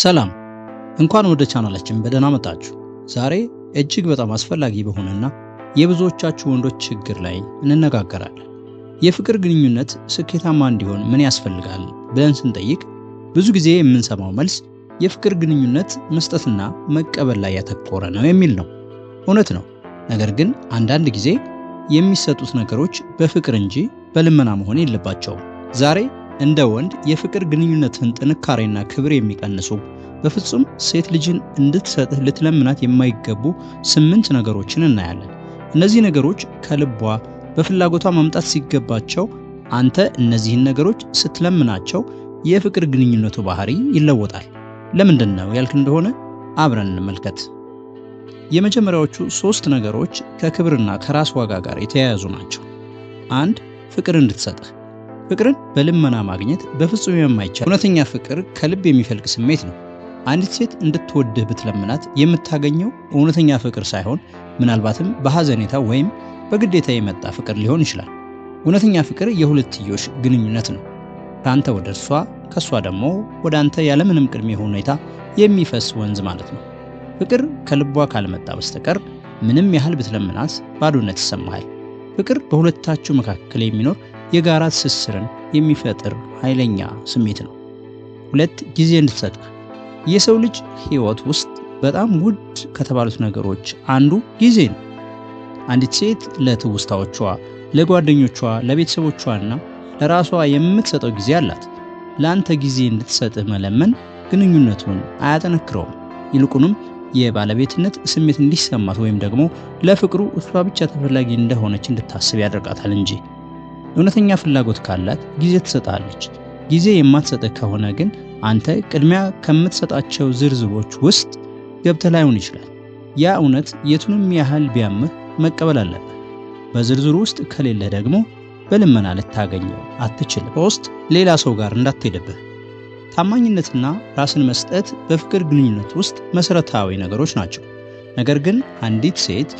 ሰላም እንኳን ወደ ቻናላችን በደህና መጣችሁ። ዛሬ እጅግ በጣም አስፈላጊ በሆነና የብዙዎቻችሁ ወንዶች ችግር ላይ እንነጋገራለን። የፍቅር ግንኙነት ስኬታማ እንዲሆን ምን ያስፈልጋል ብለን ስንጠይቅ ብዙ ጊዜ የምንሰማው መልስ የፍቅር ግንኙነት መስጠትና መቀበል ላይ ያተኮረ ነው የሚል ነው። እውነት ነው። ነገር ግን አንዳንድ ጊዜ የሚሰጡት ነገሮች በፍቅር እንጂ በልመና መሆን የለባቸውም። ዛሬ እንደ ወንድ የፍቅር ግንኙነትን ጥንካሬና ክብር የሚቀንሱ በፍጹም ሴት ልጅን እንድትሰጥህ ልትለምናት የማይገቡ ስምንት ነገሮችን እናያለን። እነዚህ ነገሮች ከልቧ በፍላጎቷ መምጣት ሲገባቸው አንተ እነዚህን ነገሮች ስትለምናቸው የፍቅር ግንኙነቱ ባህሪ ይለወጣል። ለምንድን ነው ያልክ እንደሆነ አብረን እንመልከት። የመጀመሪያዎቹ ሶስት ነገሮች ከክብርና ከራስ ዋጋ ጋር የተያያዙ ናቸው። አንድ ፍቅር እንድትሰጥህ ፍቅርን በልመና ማግኘት በፍጹም የማይቻል እውነተኛ ፍቅር ከልብ የሚፈልቅ ስሜት ነው። አንዲት ሴት እንድትወድህ ብትለምናት የምታገኘው እውነተኛ ፍቅር ሳይሆን ምናልባትም በሐዘኔታ ወይም በግዴታ የመጣ ፍቅር ሊሆን ይችላል። እውነተኛ ፍቅር የሁለትዮሽ ግንኙነት ነው። ከአንተ ወደ እርሷ፣ ከእሷ ደግሞ ወደ አንተ ያለምንም ቅድሜ ሁኔታ የሚፈስ ወንዝ ማለት ነው። ፍቅር ከልቧ ካልመጣ በስተቀር ምንም ያህል ብትለምናት ባዶነት ይሰማሃል። ፍቅር በሁለታችሁ መካከል የሚኖር የጋራ ትስስርን የሚፈጥር ኃይለኛ ስሜት ነው። ሁለት ጊዜ እንድትሰጥ የሰው ልጅ ሕይወት ውስጥ በጣም ውድ ከተባሉት ነገሮች አንዱ ጊዜ ነው። አንዲት ሴት ለትውስታዎቿ፣ ለጓደኞቿ፣ ለቤተሰቦቿና ለራሷ የምትሰጠው ጊዜ አላት። ለአንተ ጊዜ እንድትሰጥህ መለመን ግንኙነቱን አያጠነክረውም። ይልቁንም የባለቤትነት ስሜት እንዲሰማት ወይም ደግሞ ለፍቅሩ እሷ ብቻ ተፈላጊ እንደሆነች እንድታስብ ያደርጋታል እንጂ እውነተኛ ፍላጎት ካላት ጊዜ ትሰጣለች። ጊዜ የማትሰጥህ ከሆነ ግን አንተ ቅድሚያ ከምትሰጣቸው ዝርዝሮች ውስጥ ገብተህ ላይሆን ይችላል። ያ እውነት የቱንም ያህል ቢያምህ መቀበል አለብህ። በዝርዝሩ ውስጥ ከሌለ ደግሞ በልመና ልታገኘው አትችልም። ሶስት ሌላ ሰው ጋር እንዳትሄድብህ። ታማኝነትና ራስን መስጠት በፍቅር ግንኙነት ውስጥ መሠረታዊ ነገሮች ናቸው። ነገር ግን አንዲት ሴት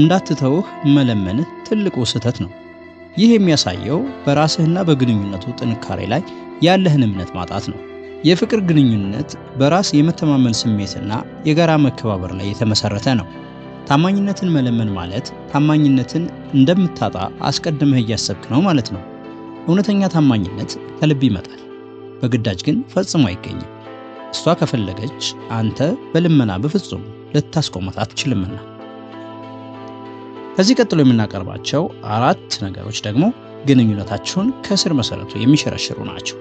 እንዳትተውህ መለመንህ ትልቁ ስህተት ነው። ይህ የሚያሳየው በራስህና በግንኙነቱ ጥንካሬ ላይ ያለህን እምነት ማጣት ነው። የፍቅር ግንኙነት በራስ የመተማመን ስሜትና የጋራ መከባበር ላይ የተመሰረተ ነው። ታማኝነትን መለመን ማለት ታማኝነትን እንደምታጣ አስቀድመህ እያሰብክ ነው ማለት ነው። እውነተኛ ታማኝነት ከልብ ይመጣል፣ በግዳጅ ግን ፈጽሞ አይገኝም። እሷ ከፈለገች አንተ በልመና በፍጹም ልታስቆመት አትችልምና። ከዚህ ቀጥሎ የምናቀርባቸው አራት ነገሮች ደግሞ ግንኙነታችሁን ከስር መሰረቱ የሚሸረሽሩ ናቸው።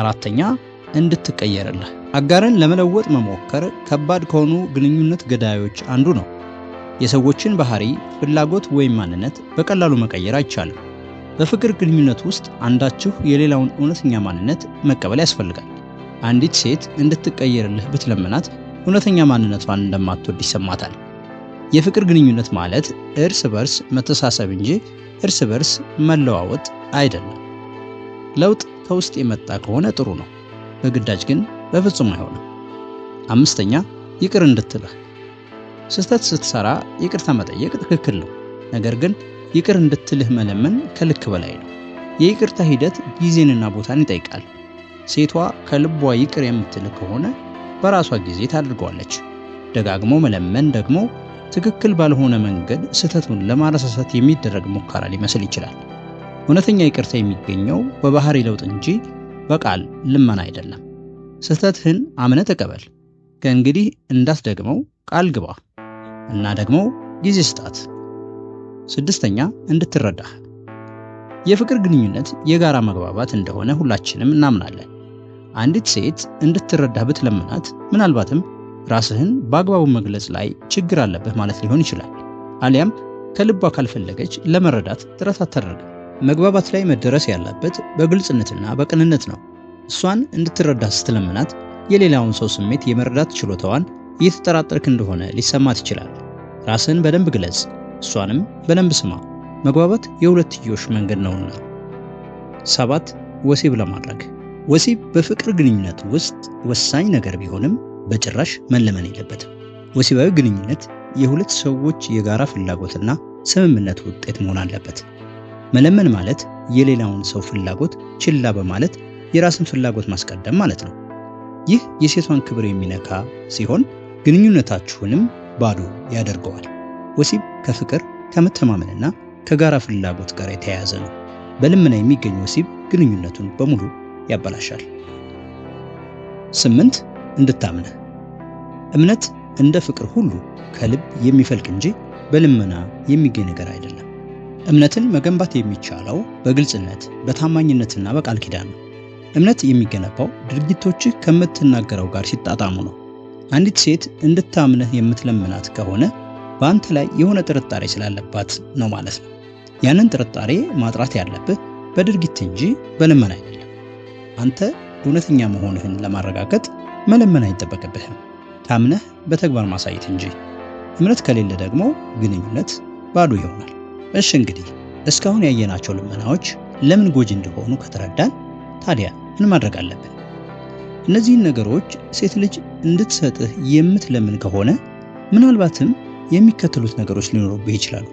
አራተኛ እንድትቀየርልህ። አጋርን ለመለወጥ መሞከር ከባድ ከሆኑ ግንኙነት ገዳዮች አንዱ ነው። የሰዎችን ባህሪ፣ ፍላጎት ወይም ማንነት በቀላሉ መቀየር አይቻልም። በፍቅር ግንኙነት ውስጥ አንዳችሁ የሌላውን እውነተኛ ማንነት መቀበል ያስፈልጋል። አንዲት ሴት እንድትቀየርልህ ብትለምናት እውነተኛ ማንነቷን እንደማትወድ ይሰማታል። የፍቅር ግንኙነት ማለት እርስ በርስ መተሳሰብ እንጂ እርስ በርስ መለዋወጥ አይደለም። ለውጥ ከውስጥ የመጣ ከሆነ ጥሩ ነው፣ በግዳጅ ግን በፍጹም አይሆንም። አምስተኛ ይቅር እንድትልህ። ስህተት ስትሰራ ይቅርታ መጠየቅ ትክክል ነው። ነገር ግን ይቅር እንድትልህ መለመን ከልክ በላይ ነው። የይቅርታ ሂደት ጊዜንና ቦታን ይጠይቃል። ሴቷ ከልቧ ይቅር የምትልህ ከሆነ በራሷ ጊዜ ታደርገዋለች። ደጋግሞ መለመን ደግሞ ትክክል ባልሆነ መንገድ ስህተቱን ለማረሳሳት የሚደረግ ሙከራ ሊመስል ይችላል። እውነተኛ ይቅርታ የሚገኘው በባህሪ ለውጥ እንጂ በቃል ልመና አይደለም። ስህተትህን አምነ ተቀበል፣ ከእንግዲህ እንዳትደግመው ቃል ግባ እና ደግሞ ጊዜ ስጣት። ስድስተኛ እንድትረዳህ የፍቅር ግንኙነት የጋራ መግባባት እንደሆነ ሁላችንም እናምናለን። አንዲት ሴት እንድትረዳህ ብትለምናት ምናልባትም ራስህን በአግባቡ መግለጽ ላይ ችግር አለብህ ማለት ሊሆን ይችላል። አሊያም ከልቧ ካልፈለገች ለመረዳት ጥረት አታደርግ። መግባባት ላይ መደረስ ያለበት በግልጽነትና በቅንነት ነው። እሷን እንድትረዳ ስትለምናት የሌላውን ሰው ስሜት የመረዳት ችሎታዋን እየተጠራጠርክ እንደሆነ ሊሰማት ይችላል። ራስህን በደንብ ግለጽ፣ እሷንም በደንብ ስማ። መግባባት የሁለትዮሽ መንገድ ነውና። ሰባት ወሲብ ለማድረግ ወሲብ በፍቅር ግንኙነት ውስጥ ወሳኝ ነገር ቢሆንም በጭራሽ መለመን የለበትም። ወሲባዊ ግንኙነት የሁለት ሰዎች የጋራ ፍላጎትና ስምምነት ውጤት መሆን አለበት። መለመን ማለት የሌላውን ሰው ፍላጎት ችላ በማለት የራስን ፍላጎት ማስቀደም ማለት ነው። ይህ የሴቷን ክብር የሚነካ ሲሆን ግንኙነታችሁንም ባዶ ያደርገዋል። ወሲብ ከፍቅር ከመተማመንና ከጋራ ፍላጎት ጋር የተያያዘ ነው። በልመና የሚገኝ ወሲብ ግንኙነቱን በሙሉ ያበላሻል። ስምንት እንድታምንህ። እምነት እንደ ፍቅር ሁሉ ከልብ የሚፈልቅ እንጂ በልመና የሚገኝ ነገር አይደለም። እምነትን መገንባት የሚቻለው በግልጽነት በታማኝነትና በቃል ኪዳን ነው። እምነት የሚገነባው ድርጊቶችህ ከምትናገረው ጋር ሲጣጣሙ ነው። አንዲት ሴት እንድታምንህ የምትለምናት ከሆነ በአንተ ላይ የሆነ ጥርጣሬ ስላለባት ነው ማለት ነው። ያንን ጥርጣሬ ማጥራት ያለብህ በድርጊት እንጂ በልመና አይደለም። አንተ እውነተኛ መሆንህን ለማረጋገጥ መለመን አይጠበቅብህም፣ ታምነህ በተግባር ማሳየት እንጂ። እምነት ከሌለ ደግሞ ግንኙነት ባዶ ይሆናል። እሺ እንግዲህ እስካሁን ያየናቸው ልመናዎች ለምን ጎጂ እንደሆኑ ከተረዳን ታዲያ ምን ማድረግ አለብን? እነዚህን ነገሮች ሴት ልጅ እንድትሰጥህ የምትለምን ከሆነ ምናልባትም የሚከተሉት ነገሮች ሊኖሩብህ ይችላሉ።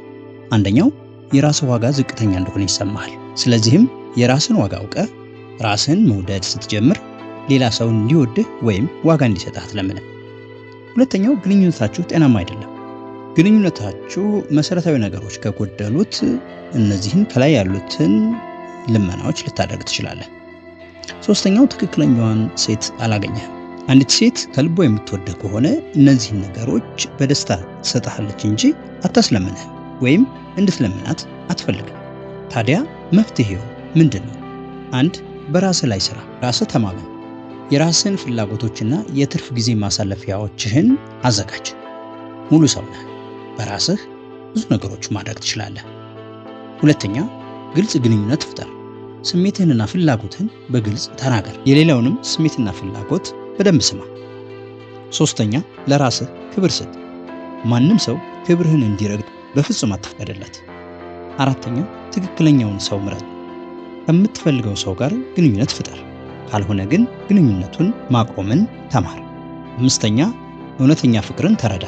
አንደኛው የራስህ ዋጋ ዝቅተኛ እንደሆነ ይሰማሃል። ስለዚህም የራስን ዋጋ አውቀህ ራስህን መውደድ ስትጀምር ሌላ ሰው እንዲወድህ ወይም ዋጋ እንዲሰጥህ አትለምንም። ሁለተኛው ግንኙነታችሁ ጤናማ አይደለም። ግንኙነታችሁ መሰረታዊ ነገሮች ከጎደሉት እነዚህን ከላይ ያሉትን ልመናዎች ልታደርግ ትችላለህ። ሶስተኛው ትክክለኛዋን ሴት አላገኘህም። አንዲት ሴት ከልቦ የምትወደ ከሆነ እነዚህን ነገሮች በደስታ ትሰጥሃለች እንጂ አታስለምንህ ወይም እንድትለምናት አትፈልግም። ታዲያ መፍትሄው ምንድን ነው? አንድ በራስህ ላይ ስራ፣ ራስህ ተማመን። የራስን ፍላጎቶችና የትርፍ ጊዜ ማሳለፊያዎችህን አዘጋጅ። ሙሉ ሰው ነህ። በራስህ ብዙ ነገሮች ማድረግ ትችላለህ። ሁለተኛ፣ ግልጽ ግንኙነት ፍጠር። ስሜትህንና ፍላጎትህን በግልጽ ተናገር። የሌላውንም ስሜትና ፍላጎት በደንብ ስማ። ሶስተኛ፣ ለራስህ ክብር ስጥ። ማንም ሰው ክብርህን እንዲረግጥ በፍጹም አትፍቀድለት። አራተኛ፣ ትክክለኛውን ሰው ምረጥ። ከምትፈልገው ሰው ጋር ግንኙነት ፍጠር። ካልሆነ ግን ግንኙነቱን ማቆምን ተማር። አምስተኛ እውነተኛ ፍቅርን ተረዳ።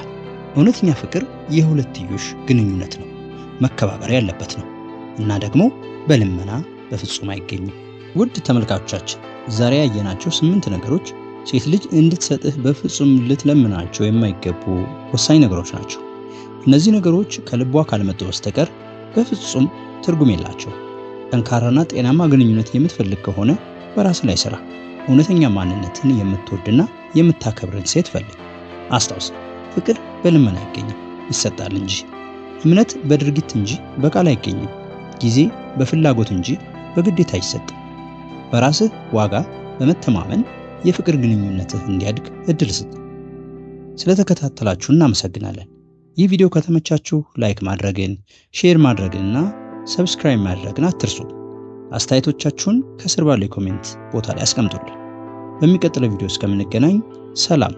እውነተኛ ፍቅር የሁለትዮሽ ግንኙነት ነው፣ መከባበር ያለበት ነው እና ደግሞ በልመና በፍጹም አይገኝም። ውድ ተመልካቾቻችን ዛሬ ያየናቸው ስምንት ነገሮች ሴት ልጅ እንድትሰጥህ በፍጹም ልትለምናቸው የማይገቡ ወሳኝ ነገሮች ናቸው። እነዚህ ነገሮች ከልቧ ካልመጡ በስተቀር በፍጹም ትርጉም የላቸው። ጠንካራና ጤናማ ግንኙነት የምትፈልግ ከሆነ በራስ ላይ ስራ። እውነተኛ ማንነትን የምትወድና የምታከብርን ሴት ፈልግ። አስታውስ፣ ፍቅር በልመና አይገኝም፣ ይሰጣል እንጂ። እምነት በድርጊት እንጂ በቃል አይገኝም። ጊዜ በፍላጎት እንጂ በግዴታ አይሰጥም። በራስህ ዋጋ በመተማመን የፍቅር ግንኙነትህ እንዲያድግ እድል ስጥ። ስለተከታተላችሁ እናመሰግናለን። ይህ ቪዲዮ ከተመቻችሁ ላይክ ማድረግን፣ ሼር ማድረግንና ሰብስክራይብ ማድረግን አትርሱ። አስተያየቶቻችሁን ከስር ባለው ኮሜንት ቦታ ላይ አስቀምጡልን። በሚቀጥለው ቪዲዮ እስከምንገናኝ ሰላም።